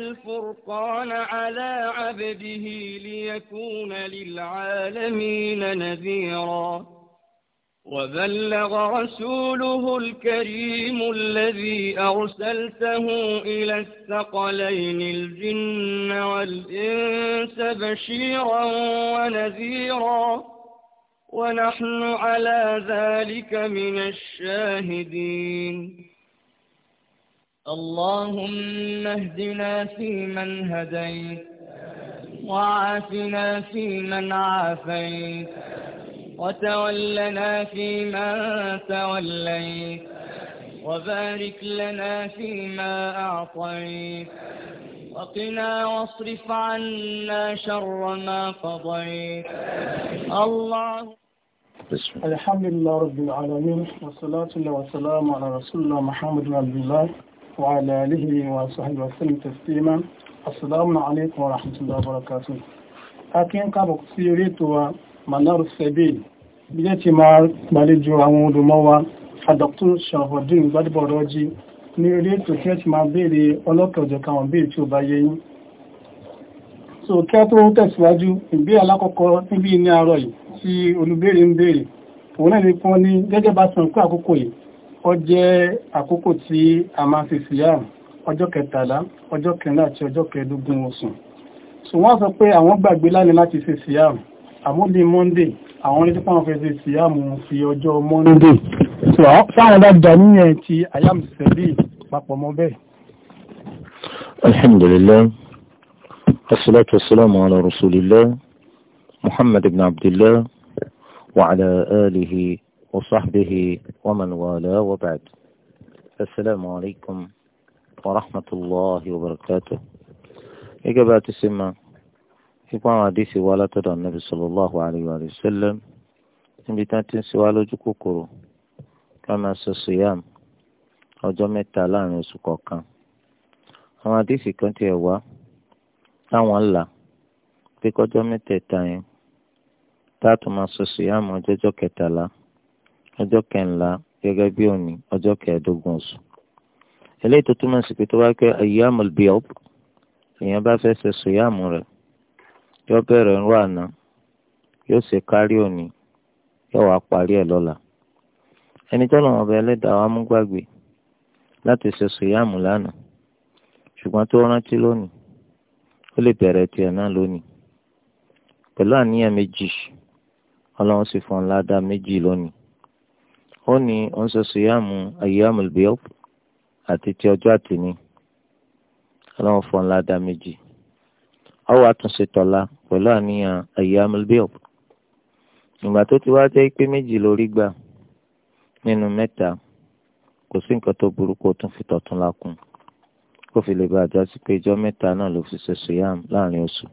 الفرقان على عبده ليكون للعالمين نذيرا وبلغ رسوله الكريم الذي أرسلته إلى الثقلين الجن والإنس بشيرا ونذيرا ونحن على ذلك من الشاهدين اللهم اهدنا فيمن هديت وعافنا فيمن عافيت وتولنا فيمن توليت وبارك لنا فيما أعطيت وقنا واصرف عنا شر ما قضيت الله الحمد لله رب العالمين والصلاة والسلام على رسول الله محمد بن عبد الله وعلى آله وصحبه وسلم تسليما السلام عليكم ورحمة الله وبركاته akin kábọ̀ sí orí ètò wa manar sebil bí jẹ́ ti máa gbàlejò àwọn olùmọ́ wa adọ́kùn ṣàfọ̀dún gbádùbọ̀rọ̀ jí ní orí ètò kí ẹ ti máa béèrè ọlọ́kọ̀ọ̀jọ̀ káwọn béèrè tí ó bá yẹ yín so kí a tó tẹ̀síwájú ìgbé alákọ̀ọ́kọ́ níbi ní àárọ̀ yìí tí olùbéèrè ń béèrè òun náà ní pọ́n ní gẹ́gẹ́ bá san pé àkókò yìí ó jẹ́ àkókò tí a máa fi siyam ọjọ́ kẹtàlá ọjọ́ kẹrìnlá àti ọjọ́ kẹẹ̀ẹ́dógún oṣù so wọ́n sọ pé àwọn gbàgbé lánàá láti ṣe siyam àmúlé monday àwọn orí típọ̀ fẹ́ ṣe siyam fi ọjọ́ monday so sáwọn dáadáa níyẹn ti ayam sẹ́bí papọ̀ mọ́ bẹ́ẹ̀. alhamdulillah wassalatu wassalamu ala rasulillah muhammad ibn abdillah wa ala alihi وصحبه ومن والاه وبعد السلام عليكم ورحمة الله وبركاته إجابة السماء إقامة حديث ولا تدع النبي صلى الله عليه وآله وسلم níbi tí wọ́n ti ń ṣe wá lójú kòkòrò kí wọ́n máa ṣe siyam ọjọ́ mẹ́ta láàrin oṣù kọ̀ọ̀kan. àwọn àdìsí kan ti ẹ̀ wá táwọn là pé kọjọ́ mẹ́tẹ̀ẹ̀ta yẹn táàtò máa ṣe siyam ọjọ́jọ́ kẹtàlá ọjọ́ kẹńlá gẹ́gẹ́ bí òní ọjọ́ kẹẹ̀ẹ́dógún oṣù eléyìí tó túmọ̀ sí pé tó bá pẹ́ ayyamul biyad èèyàn bá fẹ́ ṣe sòyàmù rẹ̀ yóò bẹ̀rẹ̀ ńrọ̀ àná yóò ṣe kárí òní yóò wá parí ẹ̀ lọ́la ẹni tó lọ́wọ́ ọba ẹlẹ́dàá wa mú gbàgbé láti ṣe sòyàmù lánàá ṣùgbọ́n tó rántí lónìí ó lè bẹ̀rẹ̀ tiẹ̀ náà lónìí pẹ̀lú àníyàn méjì ọlọ́run sì fún un ládàá méjì lónìí ó ní ọ̀nṣẹ́ sùyàmù ayyámù bíọ́ àti ti ọjọ́ àtìní ọlọ́run fọ́n ńlá dá méjì ọwọ́ àtúnṣe tọ́lá pẹ̀lú àníyàn ayyámù bíọ́ ìgbà tó ti wá jẹ́ pé méjì lórí gbà nínú mẹ́ta kò sí nǹkan tó burú kó tún fi tọ̀tún lákùn kó fi lè bá àjá sí pé ìjọ́ mẹ́ta náà ló fi ṣe sùyàmù láàrin oṣù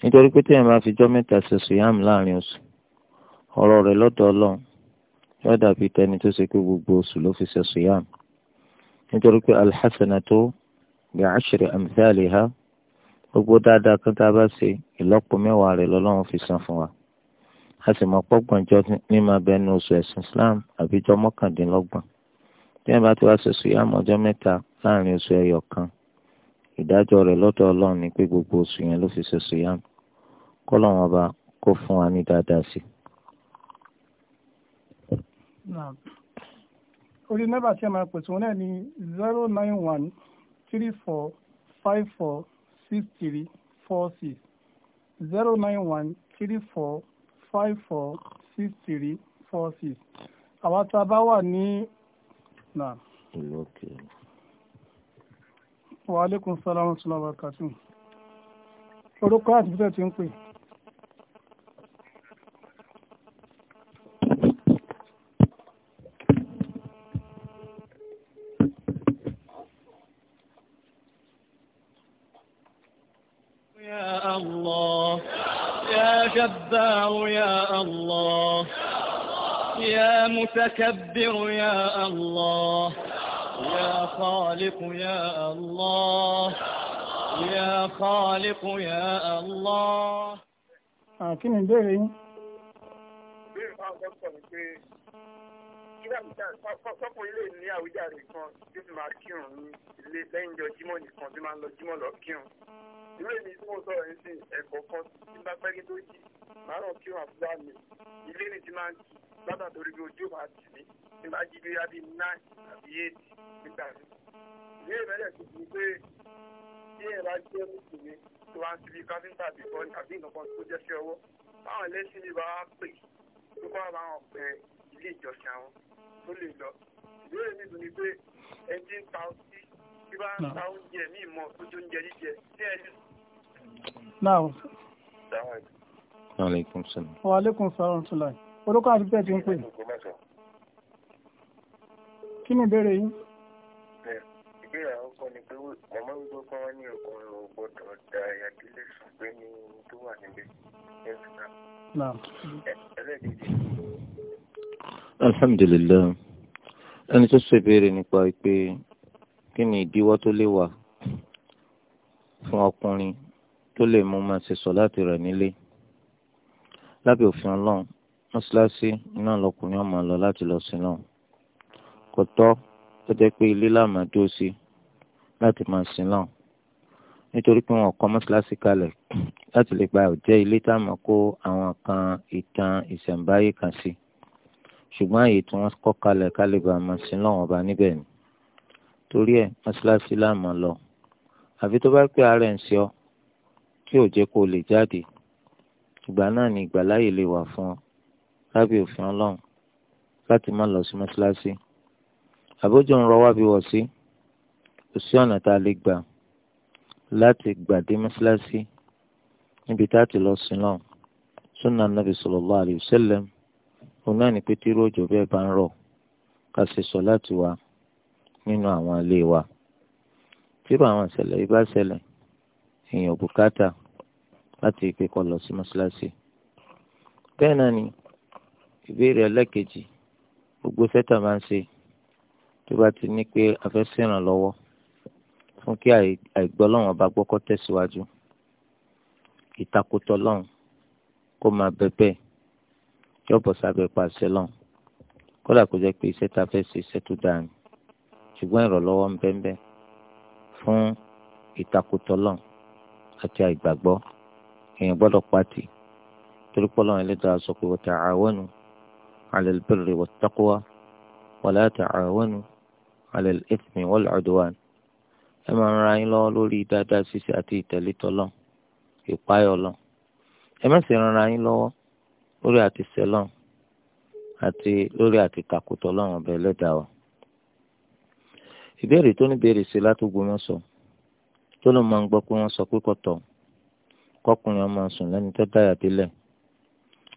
nítorí pé téèyàn bá fi ìjọ́ mẹ́ta ṣe sùyàmù láàrin oṣù ọ̀rọ̀ rẹ̀ lọ́dọ̀ ọlọ́run yóò dàbí tẹni tó ṣe pé gbogbo oṣù ló fi ṣe sùyàm nítorí pé alḥasanatu bi ashri amthaliha gbogbo dáadáa kan tá a bá ṣe ìlọ́po mẹ́wàá rẹ̀ lọ́lọ́run fi san fún wa a sì mọ pọ́gbọ̀njọ́ ní máa bẹnu oṣù ẹ̀sìn Islam àbíjọ́ mọ́kàndínlọ́gbọ̀n bí ẹ bá ti wá ṣe sùyàm ọjọ́ mẹ́ta láàrin oṣù ẹyọ kan ìdájọ́ rẹ̀ lọ́dọ̀ ọlọ́run ni pé gbogbo oṣù yẹn ló fi ṣe sùyàm kọ́lọ́run ọba kó fún wa ní dáadáa sí i orí nọ́mbà tí a máa pè tún náà ní zero nine one three four five four six three four six zero nine one three four five four six three four six a bá wà ní. Wa alaikum salaam wa rahmatullahi wa barakatuh. Orúkọ àti bísẹ̀ ti ń pè. متكبر يا الله يا خالق يا الله يا خالق يا الله kí ni ìbéèrè yín. ní àwíjàre kan tí ó máa kírun ní ilé lẹ́yìn ọjọ́ jímọ̀ nìkan tí máa ń lọ jímọ̀ lọ kírun irú èmi tí mo sọ̀rọ̀ yìí sí ẹ̀kọ́ kan tí bá pẹ́ kí tó jì máa rọ̀ kí wọ́n àbúrò mi ilé ni ti máa ń jì lábàá torí bí ojú máa jì mí tí bá jí bí i àbí nine àbí eight nígbà mi. ilé ìbẹ̀rẹ̀ tó fi pé bí ẹ̀ bá jẹ́ mùsùlùmí tó wá ń ti bí káfíńtà bí bọ́ tàbí nǹkan tó jẹ́ sí ọwọ́ báwọn lẹ́sìn mi bá wá pè tó bá bá wọn pẹ ilé ìjọsìn àwọn tó lè lọ. ìbéèrè mi dùn ni pé ẹni tí ń ta ọtí tí bá ń ta oúnjẹ míì mọ ojú oúnjẹ jíjẹ tí ẹni náà. aleykum salaam. wa aleykum salaam tula orúkọ àti bẹ́ẹ̀ ti ń pè. kí ni ìbéèrè yín. ìbéèrè àwọn kan ni pé màmá wípé kí wọ́n ní ọkùnrin ò gbọ́dọ̀ da ìyàdílé sùn pé ní tó wà níbẹ̀ alhamdulilayi ẹni tó ṣe béèrè nípa pé kí ni ìdíwọ́ tó lè wà fún ọkùnrin tó lè mú máa ṣe sọ̀láàtì rẹ̀ nílé lábẹ́ òfin ọlọ́run mọ́ṣáláṣí iná lọkùnrin ọmọ lọ láti lọ sí náà kò tọ́ tó jẹ́ pé ilé láàmà dúró sí láti máa sin náà nítorí pé wọn kọ́ mọ́ṣáláṣí kalẹ̀ láti lè gba ọ̀jẹ́ ilé táwọn kó àwọn kan ìtàn ìṣẹ̀ǹbáyé kan sí ṣùgbọ́n àyè tí wọ́n kọ́ kalẹ̀ kálíbà máa sin náà ọba níbẹ̀ ni torí ẹ̀ mọ́ṣáláṣí láàmà lọ àfi tó bá pé ara ẹ̀ ń ṣe ọ́ tí ò jẹ́ kó lè jáde ìgbà náà ni ìgbàláyè lè wà fún ọ lábẹ́ òfin ọlọ́run láti má lọ sí mọ́ṣáláṣí àbójú ń rọ wá bí wọ̀ sí kò sí ọ̀nà tá a lè gbà láti gbàdé mọ́ṣáláṣí níbi tá a ti lọ sí náà sunna nabi sallallahu alayhi wa sallam òun náà ni pé tí irú òjò bẹ́ẹ̀ bá ń rọ̀ ká ṣe sọ láti wá nínú àwọn ilé wa tí irú àwọn ìṣẹ̀lẹ̀ yìí bá ṣẹlẹ̀ èèyàn bùkátà láti ìpè kọ lọ sí mọ́ṣáláṣí. bẹ́ẹ̀ náà ni ìbéèrè ẹlẹ́kejì gbogbo sẹ́tà máa ń ṣe tó bá ti ní pé a fẹ́ ṣèrànlọ́wọ́ fún kí àìgbọ́ lọ́wọ́n bá gbọ́kọ́ tẹ̀síwájú ìtakùtọ̀ lọ́hùn kó máa bẹ bẹ́ẹ̀ yóò bọ̀ sábẹ́ pàṣẹ lọ́hùn kódà kó jẹ́ pé iṣẹ́ ta fẹ́ ṣe iṣẹ́ tó dáa ni ṣùgbọ́n ìrànlọ́wọ́ ń bẹ́ẹ̀ fún ìtakùtọ̀ lọ́hùn àti àìgbàgbọ́ èèyàn gbọ́dọ̀ pàtì torí pé Ọlọ́run Ẹlẹ́dàá sọ pé wa ta'awanu 'ala al-birri wat-taqwa wa la ta'awanu 'ala al-ithmi wal-'udwan ẹ máa ń ra yín lọ́wọ́ lórí dáadáa ṣíṣe àti ìtẹ̀lé tọ́lọ́ ìpáyọ̀ lọ ẹ má sì ran ra yín lọ́wọ́ lórí àti sẹ́lọ̀n àti lórí àti kàkútọ̀ lọ́wọ́ ọbẹ̀ Ẹlẹ́dàá wa ìbéèrè tó ní béèrè sí látògbómọ́sọ̀ tó ló máa ń gbọ́ pé wọ́n sọ pé kọ̀tọ̀ kọkùnrin ọmọ sùn lẹ́ni tó dáyà délẹ̀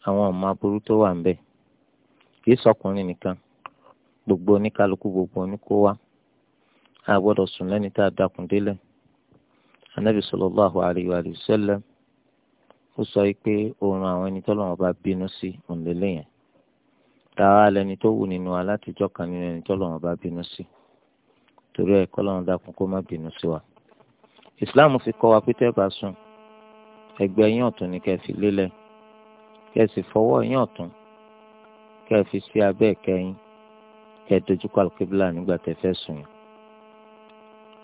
àwọn ọmọ aburú tó wà ń bẹ̀ kì í sọkùnrin nìkan gbogbo oníkálukú gbogbo oníkówá a gbọ́dọ̀ sùn lẹ́ni tá a délẹ̀ anabi sallallahu alayhi wa sallam ó sọ pé oorun àwọn ẹni tọ́lọ́wọ́n bá bínú sí òǹlẹ́lẹ́ yẹn tàwa lẹni tó wù nínú wa kan nínú ẹni tọ́lọ́wọ́n bá bínú sí torí ẹ̀ kọ́lọ́wọ́n dákun kó má bínú sí wa islam fi kọ́ wa pé tẹ́ bá sùn ẹgbẹ́ yín ọ̀tún ni kẹ́ fi lélẹ̀ kẹ́ sì fọwọ́ yín ọ̀tún kẹ́ fi sí abẹ́ kẹ́yìn kẹ́ dojúkọ alùkébílà nígbà tẹ́ fẹ́ sùn yẹn.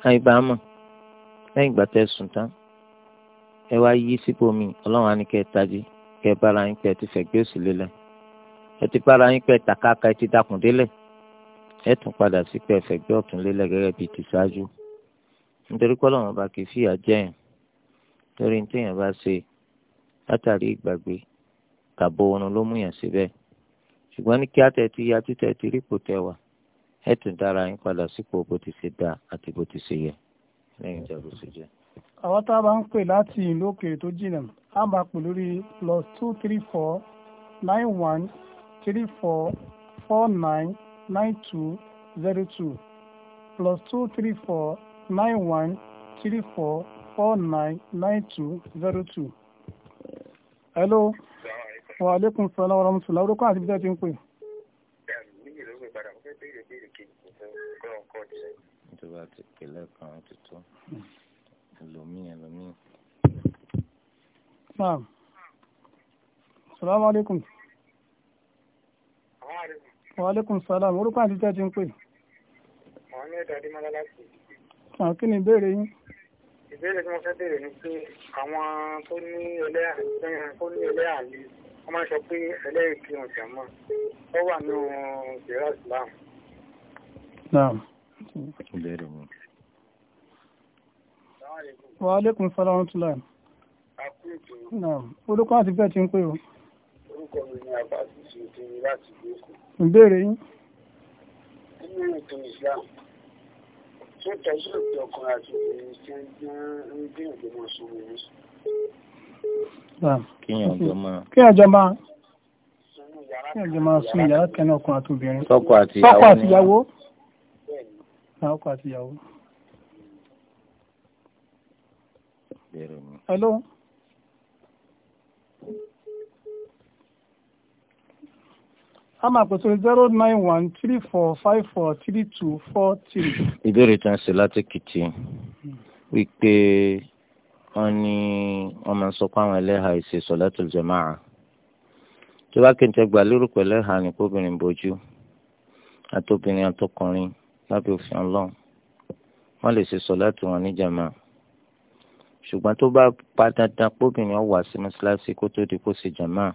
àìbámọ̀ lẹ́yìn ìgbà tẹ́ sùn tán ẹ wá yí síbòmí ọlọ́run á ní kẹ́ tají kẹ́ bára yín pé ẹ ti fẹ̀gbẹ́ òsì lélẹ̀ ẹ ti bára yín pé tàkàkà ẹ ti dakùn délẹ̀ ẹ tún padà sí pé ẹ ọ̀tún lélẹ̀ gẹ́gẹ́ bíi ti nítorí pé ọlọ́run ọba kìí fìyà jẹ́yàn torí ní téèyàn bá ṣe látàrí ìgbàgbé tàbó oorun ló mú yàn síbẹ̀ ṣùgbọ́n ní kí àtẹ̀tí ya títẹ̀ ti rí kò tẹ̀ wá ẹ̀ tún dára yín padà sípò bó ti ṣe dáa àti bó ti ṣe yẹ lẹ́yìn ìjà bó ṣe jẹ́. àwọn tá a bá ń pè láti ìlú òkèèrè tó jìnnà á bá pè lórí plus two three four nine one three four four nine nine two zero two plus two three four nine one three four four nine nine two zero two. hello wa aleykum salaam wa rahmatulah orúkọ àti bíjá ti ń pè. tó ti pè lẹ́ẹ̀kan ti tó ẹlòmíì ẹlòmíì. naam salaam aleykum. wa aleykum salaam orúkọ àti bíjá ti ń pè. mohammed adimala láti sàn kí ni ìbéèrè yín. ìbéèrè tí mo fẹ́ béèrè ni pé àwọn tó ní ẹlẹ́yà tó ní ẹlẹ́yà ni wọ́n máa ń sọ pé ẹlẹ́yìn kí wọ́n jà mọ́ ọ wà nínú ìjẹ́rà islam. Wa alaikum salaam wa rahmatullahi. Orúkọ àti bẹ́ẹ̀ ti ń pè o. Orúkọ mi ni àbá ti ṣe láti gbé kù. Ìbéèrè yín. Nínú ètò ìsìlámù mẹ́ta kí ọjọ́ máa kí ọjọ́ máa sún ìyàrá kẹ́nà ọkùnrin àti obìnrin. tọkọ àti ìyàwó. tọkọ àti ìyàwó. hello. a máa pèsè zero nine one three four five four three two four three. ìbéèrè tó ń ṣe láti kìtì wípé wọ́n ní wọ́n máa ń sọ pé àwọn ẹlẹ́hà ìṣe sọ̀lẹ́tò jẹ̀máà tó bá kí n tẹ gbà lérò pẹ̀lú ẹ̀hà ní kóbìnrin bójú àtòbìnrin àtọkùnrin lábẹ́ òfin ọlọ́run wọ́n lè ṣe sọ̀lẹ́tò wọn ní jẹ̀máà ṣùgbọ́n tó bá pa dandan kóbìnrin ó wá sí mọ́ṣáláṣí kó tó di kó ṣe jẹ̀máà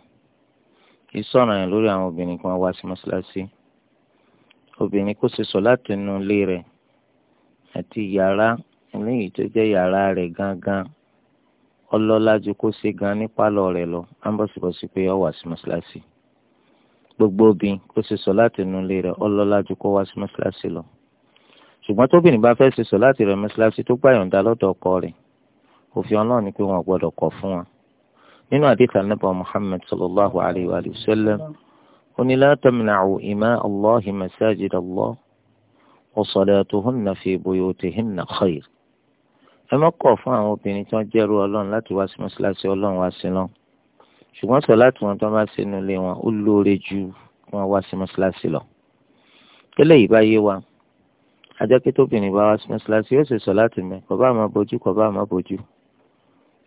kì í sọ̀rọ̀ yẹn lórí àwọn obìnrin kan wá sí mọ́ṣáláṣí obìnrin kò ṣe sọ láti inú ilé rẹ̀ àti yàrá eléyìí tó jẹ́ yàrá rẹ̀ gangan ọlọ́lá ju kó ṣe gan ní pálọ̀ rẹ̀ lọ ámbọ̀sibọ̀sí pé ó wá sí mọ́ṣáláṣí gbogbo obìnrin kó ṣe sọ láti inú ilé rẹ̀ ọlọ́lá ju kó wá sí mọ́ṣáláṣí lọ ṣùgbọ́n tóbìnrin bá fẹ́ ṣe sọ láti rẹ̀ mọ́ṣáláṣí tó gbà yọ̀ǹda lọ́dọ̀ ọkọ rẹ̀ òfin ọlọ́run ni pé wọn gbọ́dọ̀ kọ̀ fún wọn nínú àdìsá nàbà muhammed sallallahu alayhi wa sallam oní la tamna'u ima allahi masajid allah wa salatuhunna fi buyutihinna khayr ẹ má kọ̀ fún àwọn obìnrin tí wọ́n jẹ́rú ọlọ́run láti wá sí mọ́ṣáláṣí ọlọ́run wá sí lọ ṣùgbọ́n sọ láti wọn tí wọ́n bá ṣe inú ilé wọn ó lóore ju wọn wá sí mọ́ṣáláṣí lọ. tẹ́lẹ̀ yìí bá yé wa ajáké tóbìnrin bá wá sí mọ́ṣáláṣí yóò ṣe sọ láti mẹ́ kọ́ bá máa bójú kọ́ bá máa bójú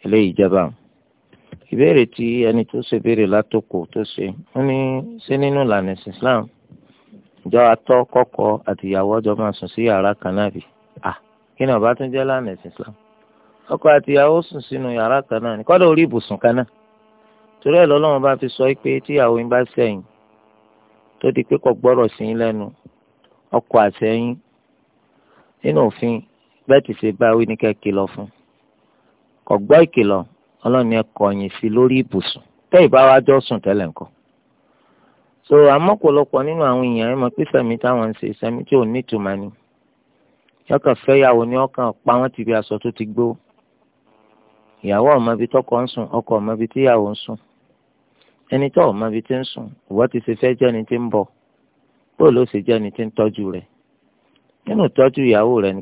eléyìí ìbéèrè tí ẹni tó ṣe béèrè látòkò tó ṣe wọn ní ṣé nínú ìlànà ìsìn Islam ìjọ atọ́ kọ́kọ́ àtìyàwó ọjọ́ máa sùn sí yàrá kan náà bì à kí ni ọba tún jẹ́ lánàá ìsìn Islam ọkọ àtìyàwó sùn sínú yàrá kan náà ní kọ́dọ̀ orí ibùsùn kan náà torí ẹ̀ lọ́lọ́run bá fi sọ pé tíyàwó yín bá sẹ́yìn tó di pé kò gbọ́rọ̀ sí yín lẹ́nu ọkọ àtẹ̀yìn nínú òfin bẹ́ẹ̀ ti ṣe báwí ní kẹ́kìlọ̀ fún kò gbọ́ ìkìlọ̀ ọlọ́ni ẹ yìí fi lórí ibùsùn tẹ́ ìbáwájọ́ sùn tẹ́lẹ̀ ńkọ́. so àmọ́ nínú àwọn èèyàn ẹ mọ̀ pé táwọn ń ṣe tí ò ní ìtumọ̀ ni yọkàn fẹ́yàwó ni ọkàn pa wọ́n ti bí aṣọ ti gbó ìyàwó ọmọ ibi tọkọ ń sùn tí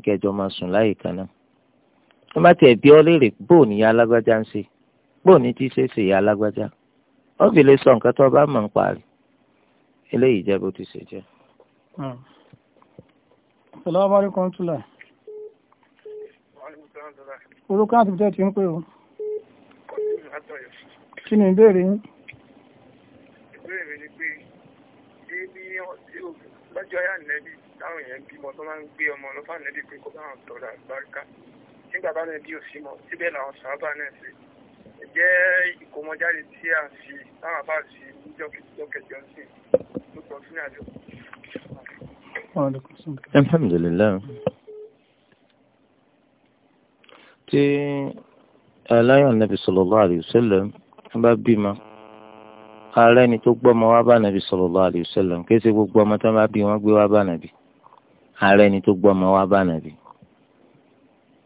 ń sùn ti wọ́n bá tiẹ̀ bí ọ léèrè bóò ní ya alágbájá ń ṣe bóò ní tí ṣe ṣe ya alágbájá ó fi lè sọ nǹkan tó bá mọ̀ ń parí eléyìí jẹ́ bó ti ṣe jẹ́. Hmm. Assalamu alaikum tula. orúkọ àti bíjẹ́ ti ń pè ọ́. kí ni ìbéèrè yín. ìbéèrè ni pé ṣé bí lọ́jọ́ ayá nẹ́bí táwọn èèyàn bímọ tó máa ń gbé ọmọ lọ́fà nẹ́bí pé kó bá wọn tọrọ àgbáríkà tí bàbá náà bí òsì mọ̀ síbẹ̀ làwọn sábà náà ṣe jẹ́ ìkómọjáde tí a fi táwọn bá fi níjọ́ kẹjọ kẹjọ sí ló pọ̀ sínú àjọ. alhamdulilayi tí aláyọ̀ eh, nàbì sallallahu alayhi wa sallam bá bímọ ààrẹ ni tó gbọ́mọ wá bá nàbì sallallahu alayhi kí ẹ ṣe gbogbo ọmọ tó bá bí wọn gbé wá bá nàbì ààrẹ ni tó gbọ́mọ wá bá nàbì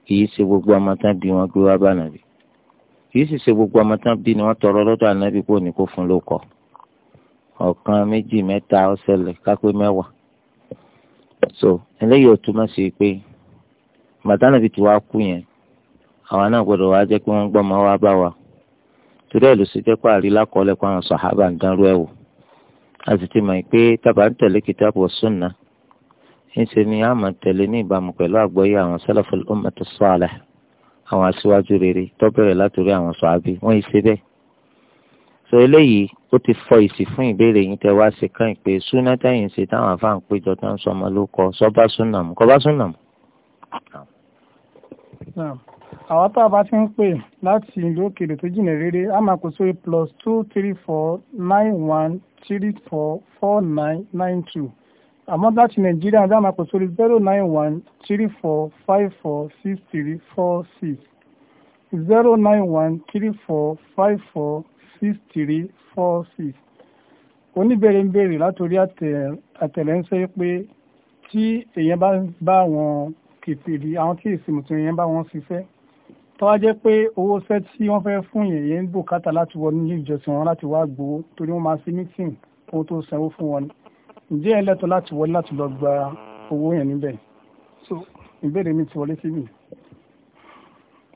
kì í ṣe gbogbo ọmọ tán bí wọn gbé wá bá nàbí kì í sì ṣe gbogbo ọmọ bí wọn tọrọ lọ́dọ̀ ànábì kò ní kó fún ló kọ ọ̀kan méjì mẹ́ta ọ̀sẹ̀lẹ̀ kápẹ́ mẹ́wàá so eléyìí ò túmọ̀ sí pé bàtà nàbí tí wàá kú yẹn àwọn náà gbọ́dọ̀ wá jẹ́ pé wọ́n gbọ́ ọmọ wa bá wa torí ẹ̀ ló ṣe jẹ́ pé àrílá kọ́lẹ̀ kó àwọn sàhábà ń dánrú ẹ̀ wò a sì ti mọ̀ pé tábà ń tẹ̀lé kìtàbù wa sunnah ńṣe ni a máa tẹ̀lé ní ìbámu pẹ̀lú àgbọ́yé àwọn salaful ummati salih àwọn aṣíwájú rere tó bẹ̀rẹ̀ látòrí àwọn sọ̀hábí wọ́n ṣe bẹ́ẹ̀. sọ eléyìí ó ti fọ ìsì fún ìbéèrè yín tẹ wá ṣe kàn pé súná tẹ̀yìn ṣe táwọn afáàn péjọ tó ń sọmọ ló kọ sọ́bá súnà mú kọ́bá súnà mú. àwọn tó a bá ti ń pè láti ìlú òkèèrè tó jìnnà rere a máa kó sórí plus two three four nine one three four four nine nine two àmọ́ láti nàìjíríà dáná kò sórí zero nine one three four five four six three four six zero nine one three four five four six three four six oníbèrè ń béèrè látòrí àtẹ̀lẹ́ńsẹ́ pé tí èèyàn bá bá wọn kìtìrì àwọn tí èsì mùtún èèyàn bá wọn ṣiṣẹ́ tó wá jẹ́ pé owó ṣẹ́ tí wọ́n fẹ́ fún yẹn yẹn ń bùkátà láti wọ nílé ìjọsìn wọn láti wá gbowó torí wọ́n máa ṣe mítìn kó tó sanwó fún wọn ǹjẹ́ ẹ lẹ́tọ̀ọ́ láti wọlé láti lọ gba owó yẹn níbẹ̀ so ìbéèrè mi ti wọlé síbi.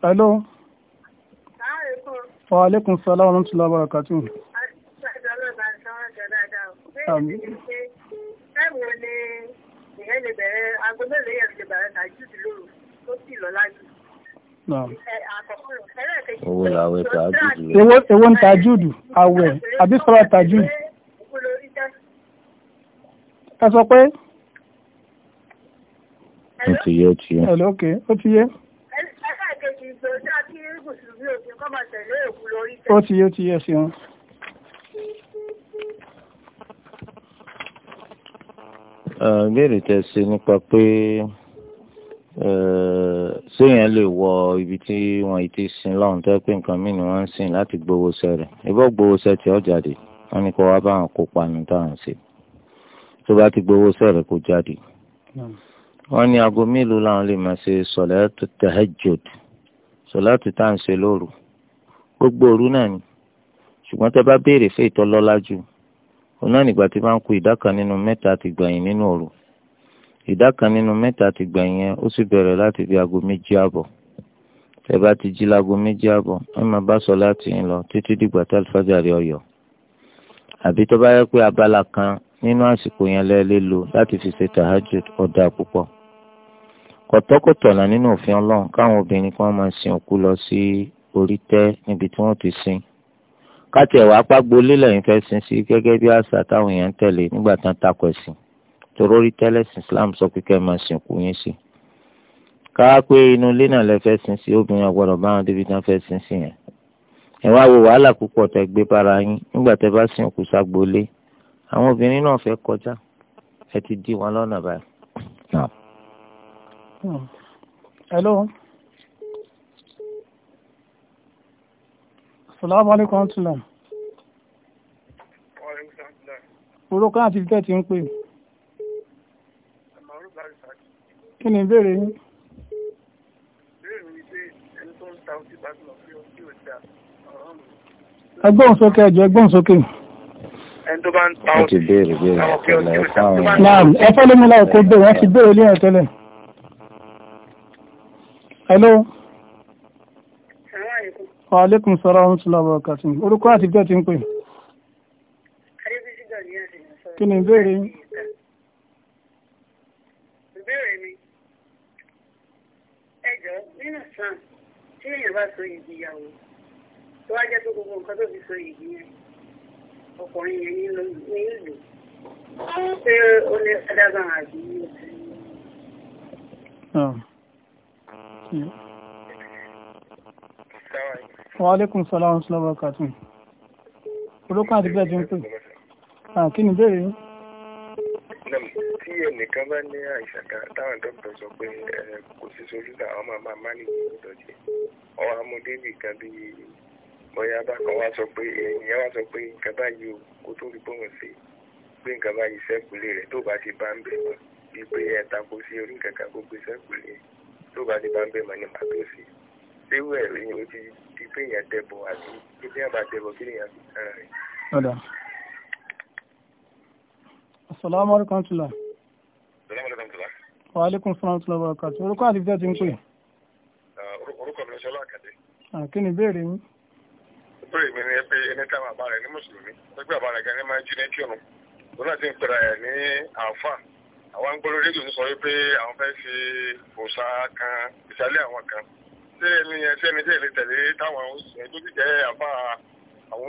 hello. wa aleykum salaam wa rahmatullahi wa barakatuh. Owó làwẹ̀ tajudu. Ewó ń tajudu, àwẹ̀, àbí sọ́ra tajudu ẹ sọ pé. o ti yé o ti yé. ẹ̀lọ́ òkè ó ti yé. ó ti yé ó ti yé sí wọn. ìbéèrè tẹ́ ṣe nípa pé séèyàn lè wọ ibi tí wọ́n ti sin lọ́hùn tó pé nǹkan mìíràn wọ́n ń sìn láti gbowó sẹ́rẹ̀ ìbọ̀ gbowó sẹ́tì ọ̀jáde wọ́n ní kó wá bá àwọn kópa nù táwọn ṣe tó bá ti gbowó sẹ́rẹ̀ kó jáde. wọ́n ní aago mélòó làwọn lè máa ṣe sọ̀lẹ́tù tahajjud sọ̀lẹ́tù tá à ń ṣe lóru gbogbo òru náà ni ṣùgbọ́n tẹ́ bá béèrè fún ìtọ́lọ́lá jù òun náà nígbà tí bá ń ku ìdá kan nínú mẹ́ta ti gbẹ̀yìn nínú òru ìdá kan nínú mẹ́ta ti gbẹ̀yìn yẹn ó sì bẹ̀rẹ̀ láti bí aago méjì àbọ̀ tẹ́ bá ti jí láago méjì àbọ̀ ẹ máa bá sọ láti ń lọ títí dìgbà tá àlùfáàjà rẹ̀ àbí tó bá yẹ pé abala kan nínú àsìkò yẹn lẹ́ẹ̀lẹ́ lò láti fi ṣe tahajud ọ̀dà púpọ̀ kọ̀tọ́kọ̀tọ̀là nínú òfin ọlọ́run káwọn obìnrin kan máa sin òkú lọ sí orí tẹ́ níbi tí wọ́n ti sin káti ẹ̀wà apágbó lélẹ̀ yìí fẹ́ sin sí gẹ́gẹ́ bí àṣà táwọn èèyàn ń tẹ̀lé nígbà tán takò ẹ̀sìn torí orí Islam sọ pé kẹ́ ẹ máa sin òkú yín sí káwá pé inú ilé náà lẹ fẹ́ sin sí obìnrin ọ̀gbọ́dọ̀ báwọn débi tán fẹ́ sin sí yẹn ẹ wo wàhálà púpọ̀ tẹ́ gbé bára yín nígbà tẹ́ bá sin òkú ságbólé àwọn obìnrin náà fẹ́ kọjá ẹ ti dí wọn lọ́nà báyìí. Hmm. hello. salaamu aleykum antula. orúkọ àti títẹ̀ ti ń pè. kí ni ìbéèrè yín. ẹgbọ́n sókè ẹ̀jọ̀ ẹgbọ́n sókè. Okay, Ẹ ti béèrè béèrè àtẹlẹ ẹ fáwọn ọmọ. Náà ẹ fẹ́ lómi láì kó béèrè, wọ́n ti béèrè lé àtẹlẹ. Hello. Wa alaikum salaam wa rahmatullahi wa barakatuh. Orúkọ àti bẹ́ẹ̀ ti ń pè. Kí ni ìbéèrè yín? Ìbéèrè mi, ẹ nínú sàn, tí èèyàn bá so ìgbéyàwó, tó wá jẹ́ tó gbogbo nǹkan tó fi so ìgbéyàwó ọkùnrin yẹn nílò ní ìlú pé ó lè fẹ́dàgbà àbí Wa alaikum salaam wa salaam wa barakatuh. Olókùn àti bẹ́ẹ̀ ti ń pè. Kí ni ìbéèrè yìí? Tí ẹnìkan bá ní àìsàn kan táwọn dọ́kítọ̀ sọ pé kò sí sójú àwọn máa máa ní ìdọ̀jẹ́. Ọwọ́ kan bíi bóyá bákan wá sọ pé ẹ̀yìn wá sọ pé nǹkan báyìí o kó tó rí bóun sí pé nǹkan báyìí sẹ́kùlé rẹ̀ tó bá ti bá ń bẹ̀ mọ́ bíi pé ẹ̀ tako sí orí nǹkan kan kó gbé sẹ́kùlé tó bá ti bá ń bẹ̀ mọ́ ni màá sí léwu ẹ̀ lóyìn o ti di pé èèyàn tẹ̀bọ̀ àti kí ní àbá tẹ̀bọ̀ kí lèèyàn fi kàn rẹ̀. ọ̀dà asalaamu alaykum tula. wa aleykum salaam tula wa kàtó orúkọ àdìbò tẹ̀ ti ń pè. orúkọ mi ni sọlá àkàdé. kí ni ìbéèrè yín ìbéèrè mi ni pé ẹni tí a máa mùsùlùmí lọ́gbẹ́ àbá rẹ̀ gan ni máa ń jí ní kírun òun náà ti ń pera ẹ̀ ní àáfà àwọn agbóró rédíò ń sọ wípé àwọn fẹ́ fi òòṣà kan ìsàlẹ̀ àwọn kan ṣé ẹni yẹn ṣé ẹni tí ẹ̀ lè tẹ̀lé táwọn oṣìṣẹ́ ti jẹ́ àbá àwọn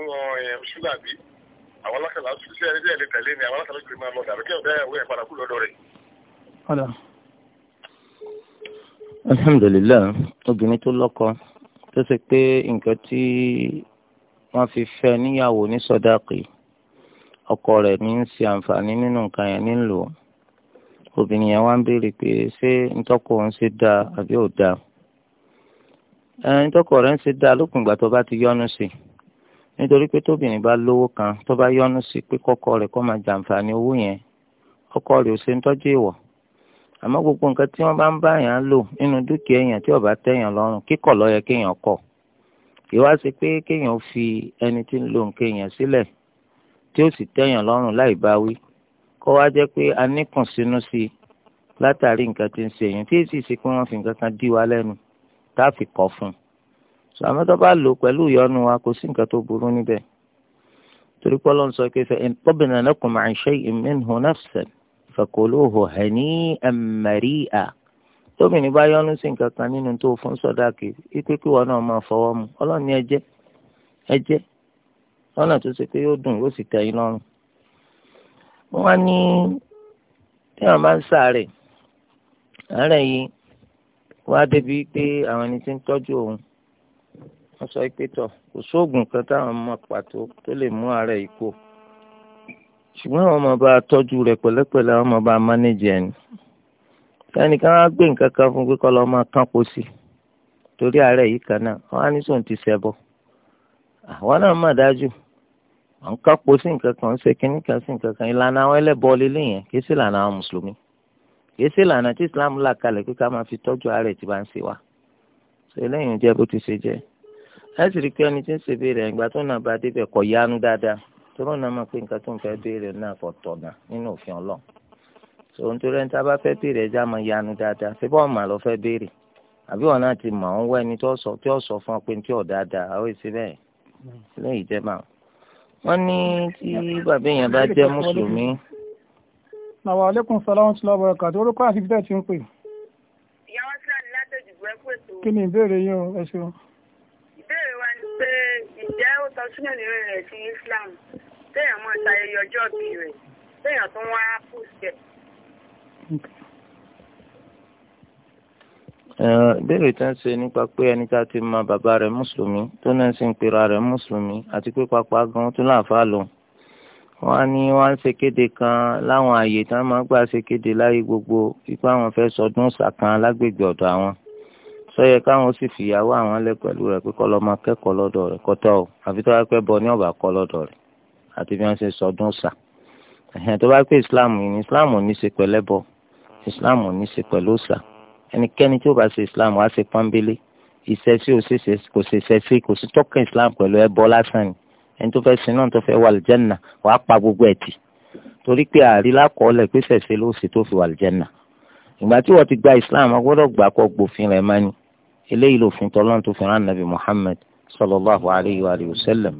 ṣúgà bí àwọn alákàlà ṣe ẹni tí ẹ̀ lè tẹ̀lé ni àwọn alákàlà ṣe máa lọ dàbí kí ọ̀dẹ́ ìwé ẹ̀ padà kú lọ́dọ̀ rẹ̀. alhamdulilayi obìnrin tó lọ́kọ tó ṣe pé nǹkan tí wọ́n fi fẹ́ níyàwó ní sọ́dáàkì ọkọ rẹ̀ ní ń ṣe àǹfààní nínú nǹkan yẹn nílò obìnrin yẹn wá ń béèrè pé ṣé ntọ́kọ ń ṣe dáa àbí ò dáa ẹ ntọ́kọ rẹ̀ ń ṣe dáa lókun ìgbà tó bá ti yọ́nú sí i nítorí pé tóbìnrin bá lówó kan tó bá yọ́nú sí pé kọ́kọ rẹ̀ kó máa jàǹfààní owó yẹn ọkọ rẹ̀ ò ṣe ń tọ́jú ìwọ̀ àmọ́ gbogbo nǹkan tí wọ́n bá ń bá yàn lò nínú dúkìá èèyàn tí ó bá lọ́rùn kíkọ̀ ló kéèyàn kọ̀ kì wá sí pé kéèyàn fi ẹni tí ń lo nkéèyàn sílẹ̀ tí ó sì tẹ́yàn lọ́rùn láì bá wí kó wá jẹ́ pé a níkùn sínú sí i látàrí nǹkan tí ń ṣe èyàn tí èsì sí pé wọ́n fi nǹkan kan dí wa lẹ́nu tá a fi kọ́ fún un sọ àmọ́ tó bá lò pẹ̀lú ìyọnu wa kò sí nǹkan tó burú níbẹ̀ torí pé Ọlọ́run sọ pé fẹ́ẹ́ tọ́bìnrin náà kò máa ń ṣe ìmínú náà sẹ́n fẹ́kọ̀ọ́ lóhùn hẹ̀ ní ẹ̀mẹ́rì tóbìnrin bá yọnu sí nǹkan kan nínú tó fún sọdáàkì ipe kí wọn náà máa fọwọ́ mu ọlọ́run ní ẹjẹ́ ẹjẹ́ lọ́nà tó ṣe pé yóò dùn yóò sì tẹ́ yín lọ́rùn. wọ́n ní tí wọ́n bá ń sáré àárẹ̀ yìí wá débi pé àwọn ẹni tí ń tọ́jú òun wọ́n sọ pé tọ̀ kò sóògùn kan táwọn mọ̀ pàtó tó lè mú àárẹ̀ yìí kó ṣùgbọ́n àwọn ọmọ bá tọ́jú rẹ̀ pẹ̀lẹ́pẹ̀lẹ́ àwọn ọmọ bá mánéjì ẹnìkan á gbé nǹkan kan fún pé kọ́ lọ́ọ́ máa kán po sí torí àárẹ̀ yìí kan náà wọ́n á ní sóun ti ṣẹbọ àwọn náà mà dájú àwọn kan po sí nǹkan kan ṣe kínní kan sí nǹkan kan ìlànà àwọn ẹlẹ́bọ lílé yẹn kìí sí ìlànà àwọn mùsùlùmí kìí sí ìlànà tí Islam là kalẹ̀ pé máa fi tọ́jú àárẹ̀ tí bá ń ṣe wá ṣe lẹ́yìn jẹ́ bó ti ṣe jẹ́ ẹ rí i ẹni tí ń ṣe béèrè sòun tó rẹ́ni tá a bá fẹ́ béèrè ẹja mọ yanu dáadáa ṣé bọ́ọ̀ mà lọ fẹ́ béèrè àbí wọn náà ti mọ̀ ọ́n wá ẹni tó sọ tí ó sọ fún ọ pé tí ò dáadáa àwọn èsì bẹ́ẹ̀ lẹ́yìn jẹ́ bá wọn ní tí bàbá èèyàn bá jẹ́ mùsùlùmí. àwọn àlékún sọlá wọn ti lọ bọ̀rọ̀ kàdé orúkọ àti bíbẹ̀ ti ń pè. ìyàwó kí ni ìbéèrè yín o ẹ ṣeun. ìbéèrè wa ni pé ìjẹ́ ó tọ́ sílẹ̀ nínú rẹ̀ sí Islam téèyàn mọ̀ ṣayẹyẹ ọjọ́ béèrè tí wọ́n ṣe nípa pé ẹni tá a ti mọ bàbá rẹ̀ mùsùlùmí tó náà sì ń pera rẹ̀ mùsùlùmí àti pé pápá gan tó láǹfà lò wọ́n á ní wọ́n á ṣe kéde kan láwọn ààyè tí wọ́n máa gbà ṣe kéde láyé gbogbo ipá àwọn fẹ́ sọdún ṣàkan lágbègbè ọ̀dọ̀ àwọn sọyẹ káwọn sì fìyàwó àwọn lẹ pẹ̀lú rẹ̀ pé kọlọ máa kẹ́kọ̀ọ́ lọ́dọ̀ rẹ̀ kọtọ o àfi tó bá pẹ́ bọ ní ọba kọ lọ́dọ̀ rẹ̀ àti bí wọ́n ṣe sọdún ṣà ẹhẹn tó bá pé islam ní islam ní í ṣe pẹ̀lẹ́bọ islam ò ní ṣe pẹ̀lú òòṣà ẹnikẹ́ni tí ó bá ṣe islam wá ṣe pọ́nbélé ìṣe sí òṣèṣe kò ṣe sí kò sí tọ́kàn islam pẹ̀lú ẹbọ lásán ni ẹni tó fẹ́ sin náà tó fẹ́ wà lìjẹ́nà wàá pa gbogbo ẹ̀ tì torí pé àrí lákọọ́lẹ̀ pé ṣẹ̀ṣẹ̀ ló ṣe tó fi wà lìjẹ́nà ìgbà tí wọ́n ti gba islam wọ́n gbọ́dọ̀ gbà kọ́ gbòfin rẹ̀ mání eléyìí lòfin tọ́lọ́n tó fi rán nàbì muhammed sallallahu alayhi wa sallam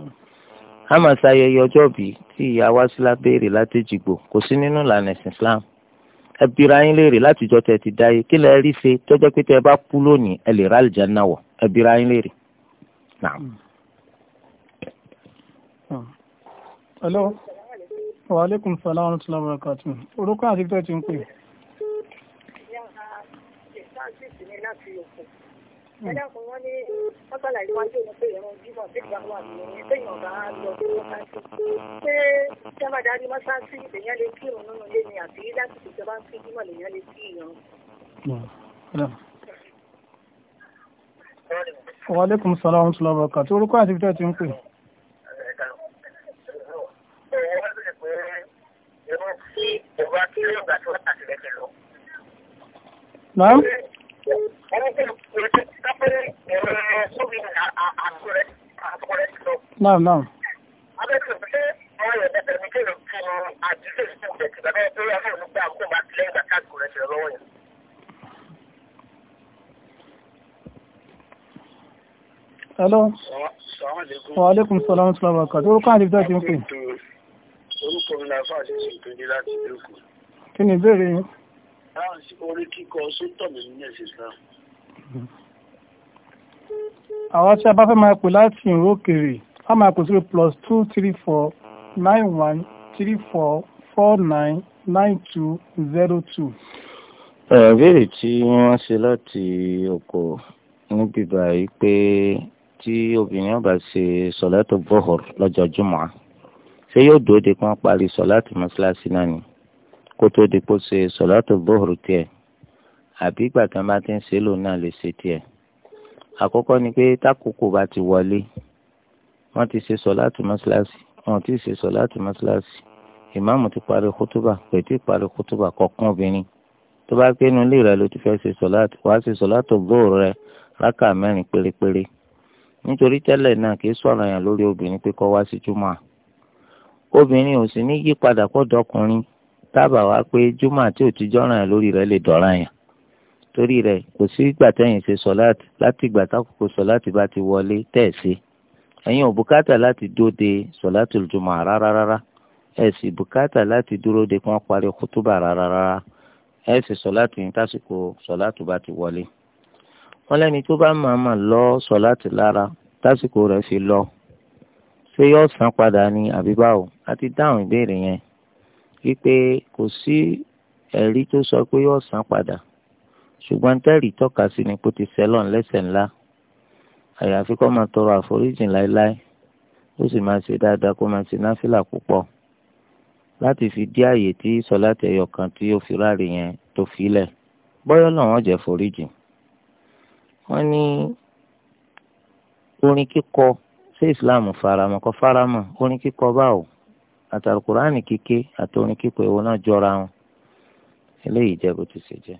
hama sayẹyẹ ọjọ́ bíi tí ìyá wa sílá béèrè látẹ́jìgbò kò sí nínú ìlànà ìsìn islam ẹ bira yín léèrè látijọ́ tẹ́ ti dáyé kí lẹ rí ṣe tọ́jọ́ pé tẹ́ ẹ bá kú lónìí ẹ lè rálì jáná wọ̀ ẹ bira léèrè. Ah. hello wa aleykum salaam wa rahmatulah wa barakatu orúkọ àti tó ń pè ẹ̀dá kan wọ́n ní lọ sí mọ́sáàsì pé Orúkọ àti ìfẹ́ ti ń pè. Naam. Naam, naam. Hello. Wa alaikum salam wa barakatuh. Orúkọ àti ìdájí ń pè. Orúkọ mi náà fàájì sí ìpínlẹ̀ láti Èkó. Kí ni ìbéèrè yín? Orí kíkọ sótọ̀ mi ní ẹ̀sìn náà àwọn tí a bá fẹ́ máa pè láti ìró òkèèrè a máa pè sórí plus two three four nine one three four four nine nine two zero two. ìbéèrè tí wọ́n ṣe láti oko níbi báyìí pé tí obìnrin ọba ṣe sọ̀látò bọ́hùr lọ́jọ́ jùmọ̀ ṣé yóò dúró de kán parí sọ̀látò mọ́ṣáláṣí náà ni kó tó di kó ṣe sọ̀látò bọ́hùr tiẹ̀ àbí ìgbà kan bá ti ń ṣe lòun náà lè ṣe tiẹ̀ àkọ́kọ́ ni pé tákòkò bá ti wọlé wọ́n ti ṣe sọ̀láàtù mọ́ṣáláṣí wọ́n ti ṣe sọ̀láàtù mọ́ṣáláṣí ìmáàmù ti parí kútúbà kò tí ì parí kútúbà kọ̀ọ̀kan obìnrin tó bá gbé inú ilé rẹ ló ti fẹ́ ṣe sọ̀láàtù wàá ṣe sọ̀láàtù gbóòrò rẹ rákà mẹ́rin pérépéré nítorí tẹ́lẹ̀ náà kì í sọ̀rọ̀ yàn lórí obìnrin pé kó wá sí júmọ́ à obìnrin ò sì ní yí padà pọ̀ dọkùnrin tábà wá pé júmọ́ àti òtíjọ́ràn yàn lórí rẹ lè dọ̀ràn yàn torí rẹ̀ kò sí ìgbà tẹ́yìn ṣe sọ̀láàtì láti ìgbà tákòókò sọ̀láàtì bá ti wọlé tẹ̀sí ẹ̀yin ò bùkátà láti dóde sọ̀láàtì lùjùmọ̀ rárá rárá ẹ̀ sì bùkátà láti dúró de kí wọ́n parí kútúbà rárá rárá ẹ̀ sì sọ̀láàtì ní tásìkò sọ̀láàtì bá ti wọlé. wọ́n lẹ́ni tó bá máa máa lọ sọ̀láàtì lára tásìkò rẹ̀ fi lọ ṣé yóò san padà ní àbíbáwò àti dáhùn ìbéèrè yẹn wípé kò sí ẹ̀rí tó sọ pé yóò san padà ṣùgbọ́n tẹ́rì tọ́ka sí ni kó ti sẹ́lọ̀n lẹ́sẹ̀ ńlá àyàfi kó máa tọrọ àforíjì láéláé ó sì máa ṣe dáadáa kó máa ṣe náfìlà púpọ̀ láti fi dí àyè tí sọláàtì ẹyọ kan tí ó fi ráre yẹn tó filẹ̀ bọ́yọ́ náà wọ́n jẹ́ foríjì wọ́n ní orin kíkọ ṣé Islam faramọ́ kọ́ faramọ́ orin kíkọ báwo àtàlùkùránì kíké àti kíkọ èwo náà jọra wọn eléyìí jẹ́ bó ti ṣe jẹ́.